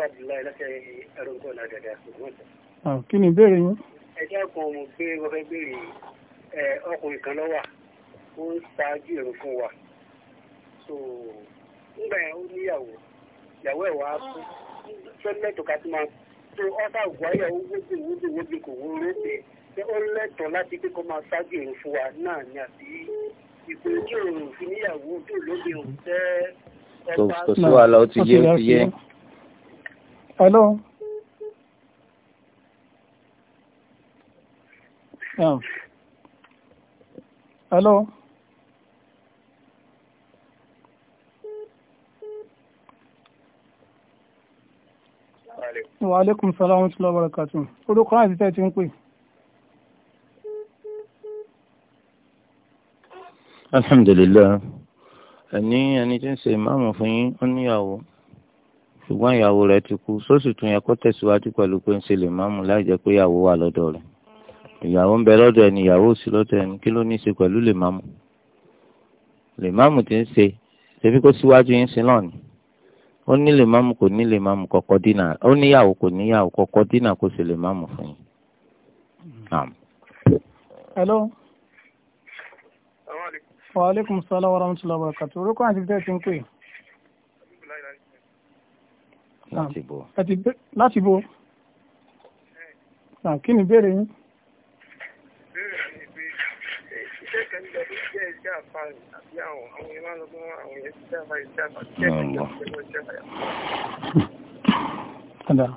bá dì láì lọ́sẹ̀ ẹrùngọ́ ọ̀nà dàda ṣùgbọ́n sọ. Ah, kí ni ìbéèrè yín. ẹ dákun mo gbé wọ́n fẹ́ béèrè ọkùnrin kan lọ́wà ó ń ṣáájú èrò fún wa so nígbà yẹn ó níyàwó ìyàwó ẹ̀ wá kú sọ́lẹ́tò ká tó máa tó ọ́sà ògbáyà ó wóbi wóbi wóbi kò wó lóde ṣé ó lẹ́tọ̀ láti pé kó máa ṣáájú èrò fún wa náà ni àbí ìpè ojú òòrùn fi níyàwó tó lóde òun tẹ́ ọ̀pá. kò sí wàhálà ó ti yé ó ti yé hello. hello. wa aleykum salaam wa rahmatullahi wa barakatuh orúkọ àti tẹ́ ti ń pè. alhamdulilayi ẹni ẹni tí ń ṣe ìmáàmù fún yín ó níyàwó ṣùgbọ́n ìyàwó rẹ̀ ti kú sóṣù tún yẹ kó tẹ̀síwájú pẹ̀lú pé ń ṣe lè máa mú láì jẹ́ pé ìyàwó wà lọ́dọ̀ rẹ̀ ìyàwó ń bẹ lọ́dọ̀ ẹni ìyàwó ò sí lọ́dọ̀ ẹni kí ló ní í ṣe pẹ̀lú lè máa mú lè máa mú ti ń ṣe ṣebí kó síwájú yín sí lọ́ọ̀ni ó ní lè máa mú kò ní lè máa mú kọ́kọ́ dínà ó níyàwó kò níyàwó kọ́kọ́ dínà kó sì lè máa mú fún yín. hello. wa aleykum salaam wa rahmatulah wa barakatuh orúkọ àti bíi tẹ́sí ń pè é. Ah, láti bo. láti bo. Ah, kí ni ìbéèrè yín.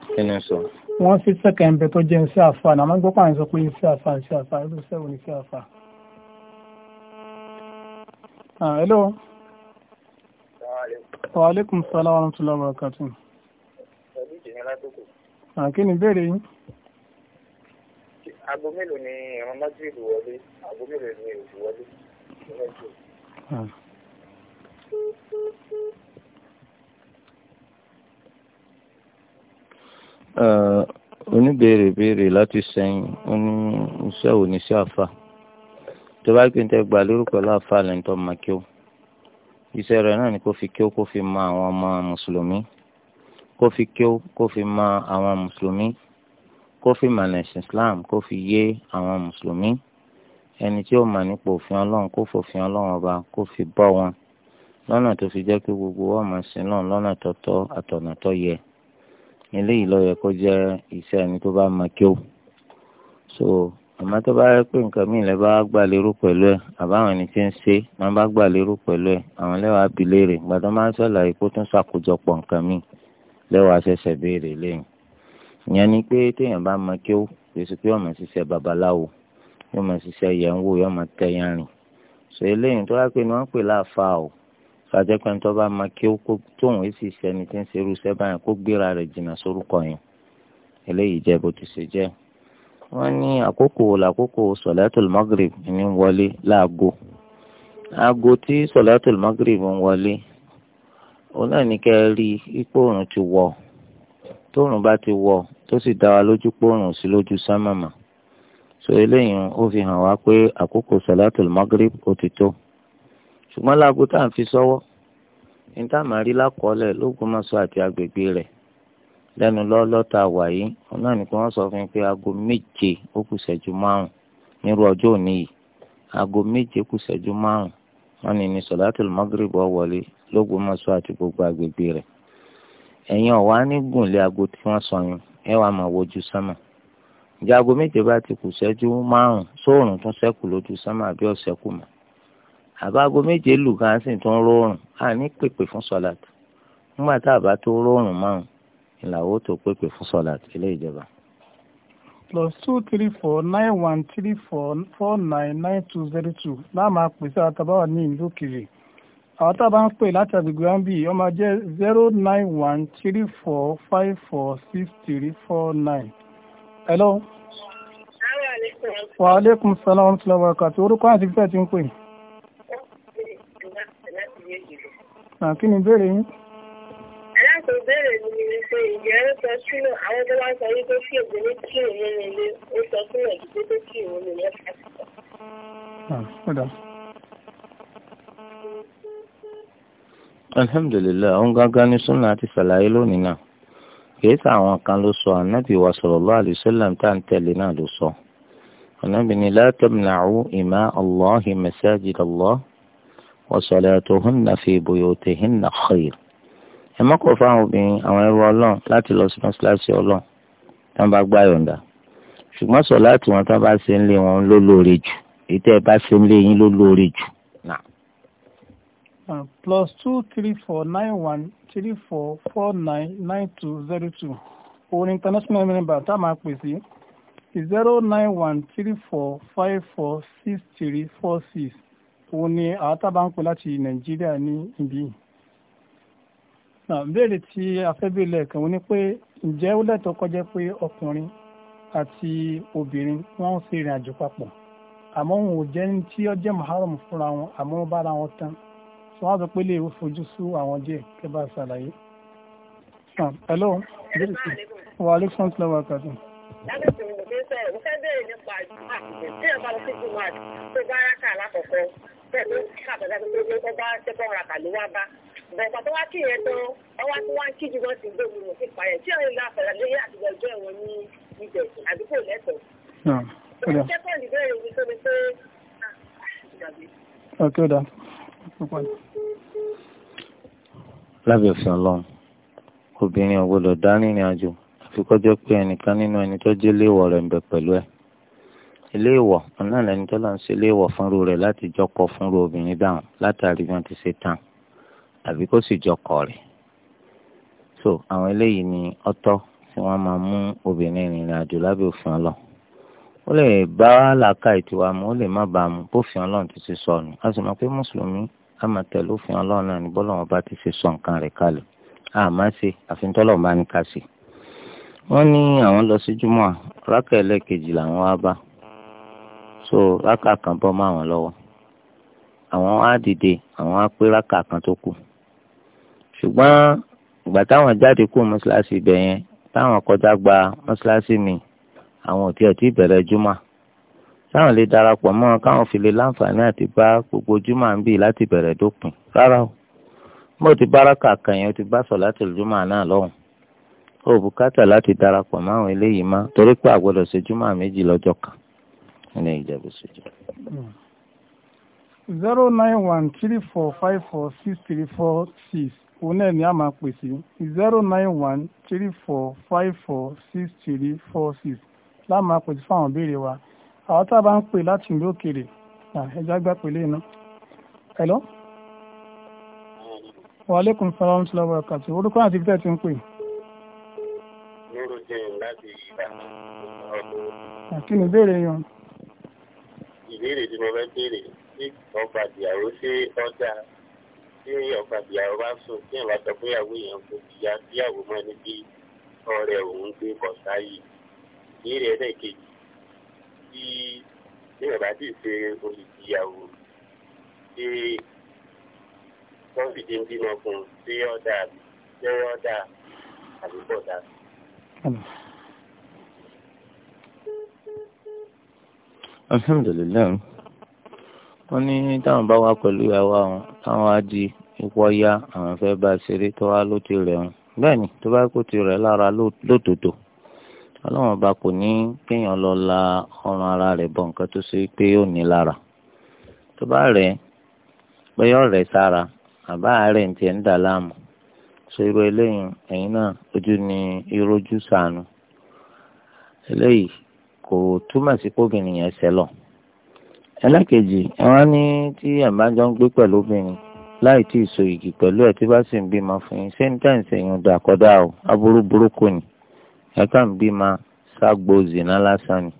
Kí ni sọ? Wọ́n fi sẹ́kẹ̀ ń bẹ tó jẹ́ iṣẹ́ àfà náà, máa ń gbọ́pàá ń sọ pé iṣẹ́ àfà, iṣẹ́ àfà, irú sẹ́wọ̀n ni iṣẹ́ àfà. Ah, hello. Wa alaikum salaam wa rahmatullahi wa barakatuh àkíní ah, béèrè yín. aago mélòó ni ìran májèlú wọlé aago mélòó ni èjì wọlé ah. eh, oníbèrè béèrè láti sẹ́yìn ó ní iṣẹ́ ò ní sí àfà tó bá gbé tẹ gbà lérò pẹ̀lú àfà lẹ́ńtọ́ máa kí ó iṣẹ́ rẹ̀ náà ni kó fi kí ó kó fi mọ àwọn ọmọ mùsùlùmí kó fi kíó kó fi mọ àwọn mùsùlùmí kó fi islam kó fi yé àwọn mùsùlùmí ẹni tí ó mọ̀ nípa òfin ọlọ́run kó fòfin ọlọ́run ọba kó fi bọ́ wọn lọ́nà tó fi jẹ́ pé gbogbo wọn mọ̀ sí náà lọ́nà tọ́tọ́ àtọ̀nà tó yẹ eléyìí ló yẹ kó jẹ́ iṣẹ́ ẹni tó bá mọ kíó so àmọ́ tó bá yẹ pé nǹkan míì lẹ́ bá gbà lérò pẹ̀lú ẹ̀ àbáwọn ẹni tí ń ṣe máa bá gbà lérò pẹ̀lú ẹ̀ àwọn lẹ́wàá bi léèrè gbàdán ikú tún ṣàkójọpọ̀ nǹkan míì lẹ́wọ̀ aṣẹ̀ṣẹ̀ béèrè lẹ́yìn ìyẹn ni pé téèyàn bá mọ kí ó pèsè pé ọmọ ṣiṣẹ́ babaláwo yóò mọ ṣiṣẹ́ yẹnwó yóò mọ tẹyàn rìn ṣe eléyìí tó wá pé ni wọ́n pè láàfa o fàjẹpẹ́ tó bá mọ kí ó tóun èsì ṣẹni tí ń ṣerú iṣẹ́ báyìí kó gbéra rẹ̀ jìnnà sórúkọ yẹn eléyìí jẹ́ bó ti ṣe jẹ́ wọ́n ní àkókò làkókò sọ̀lẹ́tùl magrib ní wọlé láago aago tí sọ̀lẹ́tùl magrib ń wọlé òun náà ní kẹ́ ẹ rí ipò òrùn ti wọ̀ tóòrùn bá ti wọ̀ tó sì dá wa lójú pé òrùn sí lójú sámàmà so eléyìí ó fi hàn wá pé àkókò salatul magrib ó ti tó ṣùgbọ́n láago tá à ń fi sọ́wọ́ ní tá à máa rí lákọọ́lẹ̀ lÓgbómọ̀ṣọ́ àti agbègbè rẹ̀ lẹ́nu lọ́lọ́ta wàyí òun náà ní kí wọ́n sọ fún pé aago méje ó kù ṣẹ́jú márùn-ún nírú ọjọ́ òní yìí aago méje kù ṣẹ́jú márùn-ún wọ́n ní ní salatul magrib ó l'Ógbómọ̀ṣọ́ àti gbogbo agbègbè rẹ̀ ẹ̀yin ọ̀wá ní gùnlé aago tí wọ́n sọ yẹn ẹ wàá máa wojú sánmà ìjà aago méje bá ti kù ṣẹ́jú márùn-ún sóòrùn tún ṣẹ́kù lójú sánmà àbí ọ̀ṣẹ́kù mọ́ àbá aago méje lù gan sì tún rọrùn à ní pèpè fún sọ̀làtì nígbà tá a bá tó rọrùn márùn ìlàwó tó pèpè fún sọ̀làtì ilé ìjọba. plus two three four nine one three four four nine nine two zero two láàmú àpèsè àtàbáwá ní ìlú kiri. àwọn tá a bá ń pè láti agbègbè wọn bíi ọmọ jẹ́ zero nine one three four five four six three four nine. hello. wa aleykum salaam wa rahmatulah wa barakatuh orúkọ àti fífẹ́ ti ń pè. kí ni ìbéèrè yín. aláṣọ ìbéèrè mi ni pé ìjẹ́ ń sọ sínú àwọn tó bá ń sọ wípé kí èdè ní kí òun nínú ilé ó sọ sínú ìdílé tó kí òun nínú ẹ̀ka. alhamdulilayi ọ̀hún gángan ní súnà àti sàlàyé lónìí náà kìí sá àwọn kan ló sọ ànábì wa sallallahu alaihi wasallam tá à ń tẹ̀lé náà ló sọ ànábì ni la tamna'u ima allahi masajid allah wa salatuhunna fi buyutihinna khair ẹ mọ́kọ̀ fáwọn obìnrin àwọn ẹrú ọlọ́run láti lọ sí mọ́ṣáláṣí ọlọ́run tán bá gbá yọ̀ǹda ṣùgbọ́n sọ láti wọn tán bá ṣe ń lé wọn ló lóore jù èyí bá ṣe ń lé yín ló lóore jù Uh, plus two three four nine one three four four nine nine two zero two òun ni international member tá a máa pè sí zero nine one three four five four six three four six òun ni àwọn tá a bá ń pè láti nàìjíríà ní ibí. béèrè tí afẹ́bí lẹ́ẹ̀kan wọ́n ní pé ǹjẹ́ ó lẹ́tọ̀ọ́ kọjá pé ọkùnrin àti obìnrin wọ́n ń ṣe ìrìn àjò papọ̀ àmọ́ wọn ò jẹ́ ní tí ó jẹ́ fúnra wọn àmọ́ bára wọn tán. sọ wá sọ pé lè fojú sú àwọn díẹ̀ kẹ́ bá ṣàlàyé. hello bẹ́ẹ̀ sí wa alexan slower kàdé. lábẹ́sẹ̀ mo fẹ́ sọ mo fẹ́ bẹ̀rẹ̀ nípa ìjọba tí ẹ bá lọ sí jùmọ̀ tó bá rákà lákọ̀ọ́kọ́ pẹ̀lú kábàdà tó gbé tó bá tẹ́kọ̀ọ́ rákà ló wá bá bẹ̀rẹ̀ tó wá kí yẹn tó ọwọ́ tó wá kí jùlọ sí gbé mímọ̀ sí payẹ̀ tí ọ̀rẹ́ ìlà fẹ̀rẹ̀ lórí àtijọ́ ìjọ ìwọ̀n ní ibẹ̀ àdúgbò lẹ́tọ̀ọ́. ọ̀kẹ́ ọ̀dà lábẹ́ òfin ọlọ́run obìnrin ò gbọdọ̀ dá rìnrìn àjò àfikọ́jọ́ pé ẹnìkan nínú ẹni tó jẹ́ léèwọ̀ rẹ̀ ń bẹ pẹ̀lú ẹ̀ iléèwọ̀ ọ̀nà lẹni tó lọ́n ṣe iléèwọ̀ fúnru rẹ̀ láti jọkọ̀ fúnru obìnrin dáhùn látàrí bí wọ́n ti ṣe tán àbí kó sì jọkọ̀ rẹ̀ so àwọn eléyìí ni ọ̀tọ̀ tí wọ́n máa mú obìnrin rìnrìn àjò lábẹ́ òfin ọlọ́run ó lè bá làákà ìtiwa mu ó lè má bàa mu bófin ọlọ́run ti ṣe sọnù a sì mọ̀ pé mùsùlùmí a máa tẹ̀lé òfin ọlọ́run náà ní bọ́lọ́run bá ti ṣe sọ nǹkan rẹ̀ kalẹ̀ àmọ́ ṣe àfintọ́lọ̀ bá ní ká ṣe. wọ́n ní àwọn lọ sí júmọ́ rákà ẹlẹ́kejì làwọn wá bá so rákà kan bọ́ mọ́ àwọn lọ́wọ́ àwọn á dìde àwọn á pé rákà kan tó kù ṣùgbọ́n ìgbà táwọn jáde kú mọ́ṣáláṣí ibẹ̀ yẹn táwọn kọjá gba mọ́ṣáláṣí míì àwọn òtí ẹtí bẹ̀rẹ̀ júmọ sáwọn lè darapọ̀ mọ́ káwọn fi lè láǹfààní àti bá gbogbo júmọ ń bì láti bẹ̀rẹ̀ dópin rárá o mo ti báraka kàyàn ti bá sọ láti júmọ náà lọ́hùn ó bùkátà láti darapọ̀ mọ́ àwọn eléyìí má torí pé àgbọ́dọ̀ ṣe júmọ méjì lọ́jọ́ kan ní ìjẹ̀bù ṣojú. zero nine one three four five four six three four six òun náà ni a máa pèsè zero nine one three four five four six three four six láàmú àpèjì fáwọn ìbéèrè wa àwọn tá a bá ń pè láti ìlú òkèèrè ẹja gbà pèlè iná. hello. wa aleykum salaam salaam wa kàtí orúkọ àti ibi tẹ́ ti ń pè. lórúkọ láti ìlànà ọdún. kí ni ìbéèrè yẹn. ìbéèrè tí mo fẹ́ béèrè tí ọkọ àtìyàwó ṣe ọjà tí ọkọ àtìyàwó bá sùn kí ẹ̀ bá sọ fún ìyàwó yẹn kò kíyà síyàwó mọ́ níbi ọ̀rẹ́ òun gbé kọ̀ sáyìí ìbéèrè ẹlẹ́ẹ̀kejì tí bẹ́ẹ̀ bá ti ṣe olùdíyàwó ṣe kọ́fìdé ń bímọ fún un ṣé ọ̀dà ṣé ọ̀dà àbí bọ̀dà. alhamdulilayi wọn ní táwọn bá wá pẹ̀lú ìyàwó àwọn táwọn á di ipò ọyá àwọn fẹ́ bá ṣeré tó wá ló ti rẹ̀ wọn bẹ́ẹ̀ ni tó bá kó ti rẹ̀ lára lótòótọ́ ọlọ́run ọba kò ní kéèyàn lọ la ọrùn ara rẹ̀ bọ nǹkan tó ṣe pé ó ní lára tó bá rẹ̀ pé yọ rẹ̀ sára àbá rẹ̀ ń tiẹ̀ ń dà láàmú ṣe irú eléyìí ẹ̀yin náà ojú ni irojú sànù eléyìí kò túmọ̀ sí kóbìnrin yẹn ṣẹlọ̀ ẹlẹ́kejì ẹ̀wọ́n ní tí ẹ̀mbájọ́ ń gbé pẹ̀lú obìnrin láì tí ì so igi pẹ̀lú ẹ̀ tí bá sì ń bímọ fún yín ṣé ń tẹ̀sẹ̀ yín dà o aburú burúkú ni ẹ kàn bí ma ságbo zina lásán ni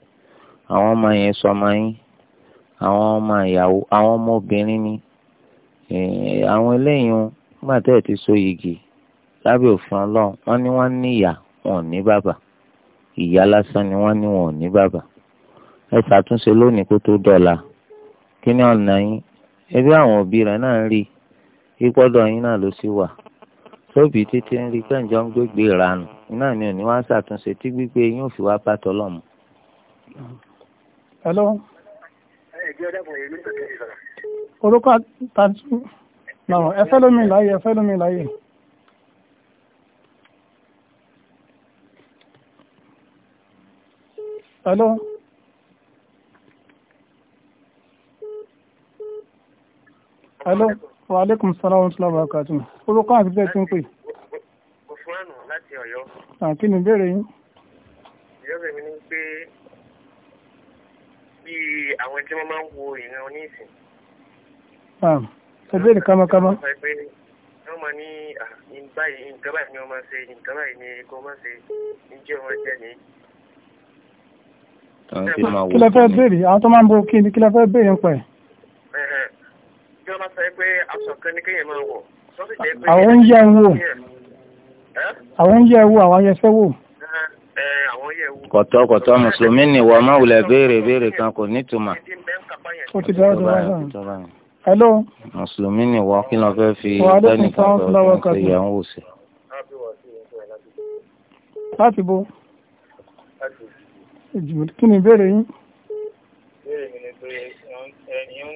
àwọn ọmọ yẹn sọmọ yín àwọn ọmọ ìyàwó àwọn ọmọ obìnrin ni àwọn eléyìí nígbà tẹ́ ẹ̀ ti so yìgì lábẹ́ òfin ọlọ́run wọ́n ní wọ́n ní ìyá wọn ò ní bàbá ìyá lásán ni wọ́n ní wọn ò ní bàbá ẹ ṣàtúnṣe lónìí kó tó dọ̀la kí ni ọ̀nà yín ebi àwọn òbí rẹ̀ náà ń rí i gbọ́dọ̀ yín náà ló sì wà tóbi títí ń rí i pé ǹjọ́ ń gbégbé ìranù náà ni òní wá ń ṣàtúnṣe tí gbígbé yóò fi wá bá tọlọ́mù. hello. orúkọ tàǹtí náà ẹ fẹ́ lómi láàyè ẹ fẹ́ lómi láàyè. hello. hello. wa aleykum salaam wa rahmatulah wa barakatuh. orúkọ àti bẹ́ẹ̀ tí ń pè. Usman láti Ọ̀yọ́ kí ni ìbéèrè yín. ìbéèrè mi ni pé bí àwọn tí wọ́n máa ń wo ìran oníìsìn. ẹgbẹ́ ni kámákámá. wọ́n máa ní báyìí nǹkan báyìí ni wọ́n máa ṣe nǹkan báyìí ni kò máa ṣe ń jẹ́ jẹ́ ni. kí lẹ fẹ́ béèrè àwọn tó máa ń bo kí ni kí lẹ fẹ́ béèrè ń pẹ̀. bí wọ́n bá sọ pé aṣọ kan ní kéèyàn máa wọ̀. àwọn ń yẹ ń wò àwọn yẹ wo àwọn yẹ fẹ́ wò. kọ̀tọ́ kọ̀tọ́ mùsùlùmí ni wọ́n máa wulẹ̀ béèrè béèrè kan kò ní tuma. ó ti bẹ́ẹ̀ tó báyìí hello. mùsùlùmí ni wọ́n kí ló fẹ́ fi lẹ́nu kan tó ṣe yẹn wò sí. láti bo kí ni ìbéèrè yín. ìbéèrè mi ni pé ẹ̀yin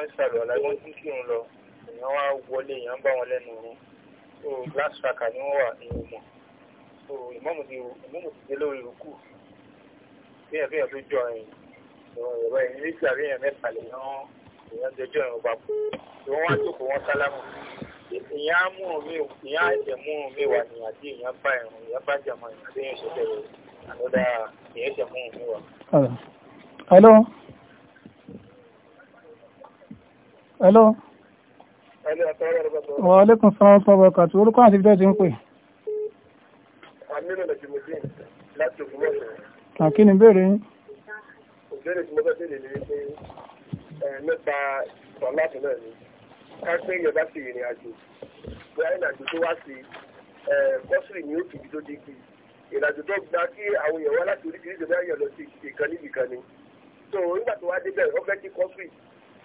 ń ṣàlùwàlá wọ́n tún kírun lọ èèyàn wá wọlé èèyàn bá wọn lẹ́nu rún so last track ni wọ́n wà ní ọmọ so ìmọ̀mù ti dé lórí ìrùkù bíyàn bíyàn tó jọ ẹ̀yìn ìrọ̀rọ̀ ẹ̀yìn ní ìgbà bíyàn mẹ́ta lè ná èèyàn jọjọ́ ẹ̀rọ papọ̀ tí wọ́n wá jókòó wọn sálámù ìyá múrùn mi ìyá ẹ̀jẹ̀ múrùn mi wà ní àti ìyá bá ẹ̀rùn ìyá bá jàmọ̀ ìyá bíyàn ṣe bẹ̀rẹ̀ àlọ́dà ìyá ẹ̀jẹ̀ múrùn mi wà. Hello. Wa alaikum salaam wa barakatuh. Orúkọ àti ìbílẹ̀ ti ń pè. Aminu Najimudin láti Ògbómọ̀ṣọ́. Àkí ni béèrè yín. Ìbéèrè tí mo fẹ́ béèrè ni pé nípa ìtọ́láàtì náà ni. Ká pé Yorùbá sì rìnrìn àjò. Bóyá ìrìn àjò tó wá sí kọ́sìrì ni ó fi ibi tó dé kí. Ìrìnàjò tó gba kí àwọn èèyàn wá láti oríṣiríṣi bá yàn lọ sí ìkànnì ìkànnì. So nígbà tó wá débẹ̀, ó fẹ́ kí kọ́sìrì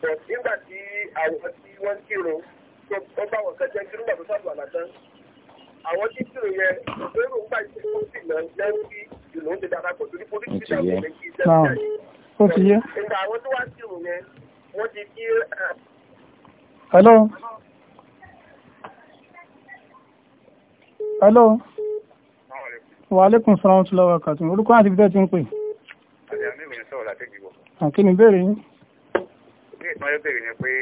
but nígbà tí àwọn tí wọ́n kírun wọ́n bá wọn kẹ́jẹ́ kírun gbàgbọ́ sábà àlàtán àwọn tí kírun yẹn lérò ń gbà tó sì náà lẹ́rú bí ìlú ń ti pọ̀ torí polisi ti dàgbọ̀ lẹ́yìn ìjẹ́ ó ti yé. nígbà àwọn tó wá kírun yẹn wọ́n ti kí. hello. hello. salaam wa rahmatulah wa barakatuh orúkọ àti ibi tẹ́ ti ń pè. àyà mi mi sọ̀rọ̀ látẹ́gbẹ̀ẹ́ wọ̀. àkínní bẹ́ẹ̀ rẹ̀ yín bí ìtàn yóò bèrè ni pé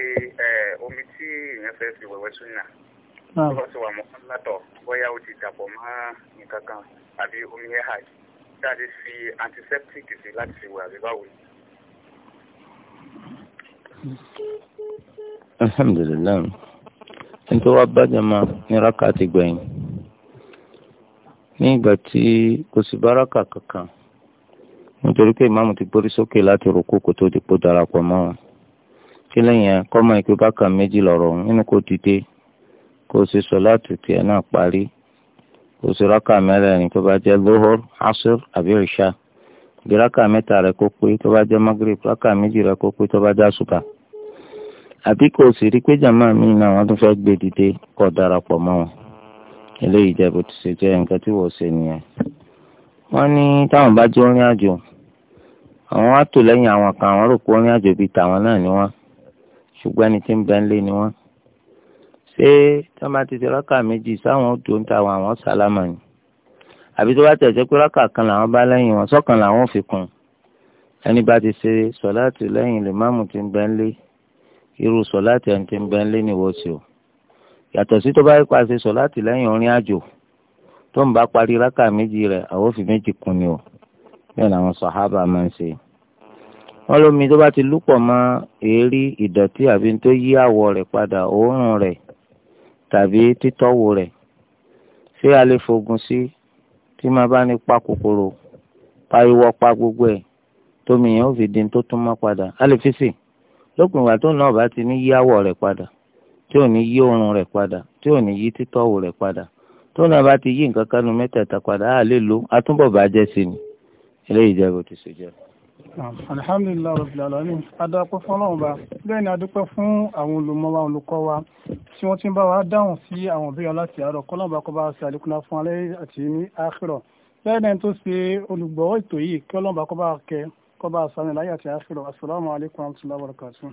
omi tí èèyàn fẹ́ fi wẹ̀wẹ́ súnà tó ah. bá ti wà mọ́ látọ̀ bóyá ó ti dàpọ̀ mọ́ nǹkan kan àbí omi ẹ̀ hàj dáadé fi antiseptic sí láti fi wẹ̀ àbí báwo ni. alhamdulilayi nítorí wàá bá jama raka ti gbẹ̀yìn ní ìgbà tí kò sí báraka kankan nítorí pé ìmáàmù ti gbórí sókè láti rúkú kó tó di pò darapọ̀ mọ́ wọn. kí lẹ́yìn kọ́mọ ìpè bákan méjì lọ́rọ̀ ọ̀hún nínú kó dìde kó o sì sọ láti náà sì rákà tó bá jẹ́ lóhor asur àbí ìṣá bí rákà mẹ́ta rẹ̀ kó pé tó bá jẹ́ rákà méjì rẹ̀ kó pé tó bá jẹ́ àbí o sì rí pé mi náà wọ́n tún fẹ́ gbé dìde darapọ̀ mọ́ wọn eléyìí jẹ́ bó ti ṣe jẹ́ nǹkan tí wọ́n ṣe nìyẹn wọ́n ní táwọn bá jẹ́ orin àjò àwọn tò lẹ́yìn ṣùgbọ́n ẹni tí ń bẹ ń lé ni wọ́n. ṣé tí wọ́n bá ti ṣe rákà méjì sáwọn odò ń ta àwọn sálámà ni àbí tó bá tẹ̀ ṣe pé rákà kan làwọn bá lẹ́yìn wọn sọ́kàn làwọn fi kún ẹni bá ti ṣe sọ̀láàtì lẹ́yìn lèmáàmù tí ń bẹ ń lé irú sọ̀láàtì ẹni tí ń bẹ ń lé ni wọ́n ṣe o yàtọ̀ sí tó bá yípa ṣe sọ̀láàtì lẹ́yìn orin àjò tó ń bá parí rákà méjì rẹ̀ àwọn òfin wọ́n lómi tó bá ti lúpọ̀ mọ́ èérí ìdọ̀tí àbí tó yí àwọ̀ rẹ̀ padà òórùn rẹ̀ tàbí títọ́wò rẹ̀ ṣé a lè fògùn sí tí máa bá ní pa kòkòrò pa iwọ pa gbogbo ẹ̀ tómi yẹn ó fi di tó tún mọ́ padà a lè fi sè lópin ìgbà tó náà bá ti ní yí àwọ̀ rẹ̀ padà tí ò ní yí òórùn rẹ̀ padà tí ò ní yí títọ́wò rẹ̀ padà tó náà bá ti yí nǹkan kanu mẹ́tẹ̀ẹ̀ta padà a lè lo atúbọ̀ bàjẹ́ sí ni eléyìí jẹ́ bó ti ṣe jẹ́ alhamdulilayi rabbil alamin adápẹ́ fọlọ́run ba bẹ́ẹ̀ ni adúpẹ́ fún àwọn olùmọ̀ wa olùkọ́ wa tí wọ́n ti ń bá wa dáhùn sí àwọn òbí aláti àárọ̀ kọ́lọ́ọ̀bá kọ́ bá ṣe àlékún fún alẹ́ àti ní àkírọ̀ bẹ́ẹ̀ ni tó ṣe olùgbọ́ ètò yìí kí ọlọ́ọ̀bá kọ́ bá kẹ́ kọ́ bá ṣàmì láyé àti àkírọ̀ asalaamualeykum wa rahmatulahi wa barakatuh.